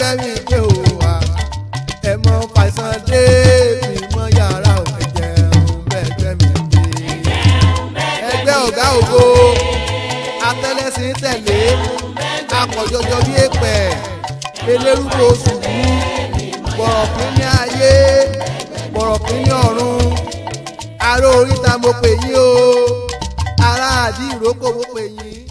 jẹ́ mi gbé o wa ẹ mọ fàìsàn dé mi mọ yàrá o ẹ jẹun bẹ́ẹ̀ jẹ́ ẹgbẹ́ ọ̀gá ògo atẹ́lẹ́sìn tẹ̀lé akọ̀jọjọ bí èpẹ̀ elérúgbó ṣubú bọ̀rọ̀kín ní ayé bọ̀rọ̀kín ní ọ̀run aró oríta mo pè yín o ará àdí ìrókò mo pè yín.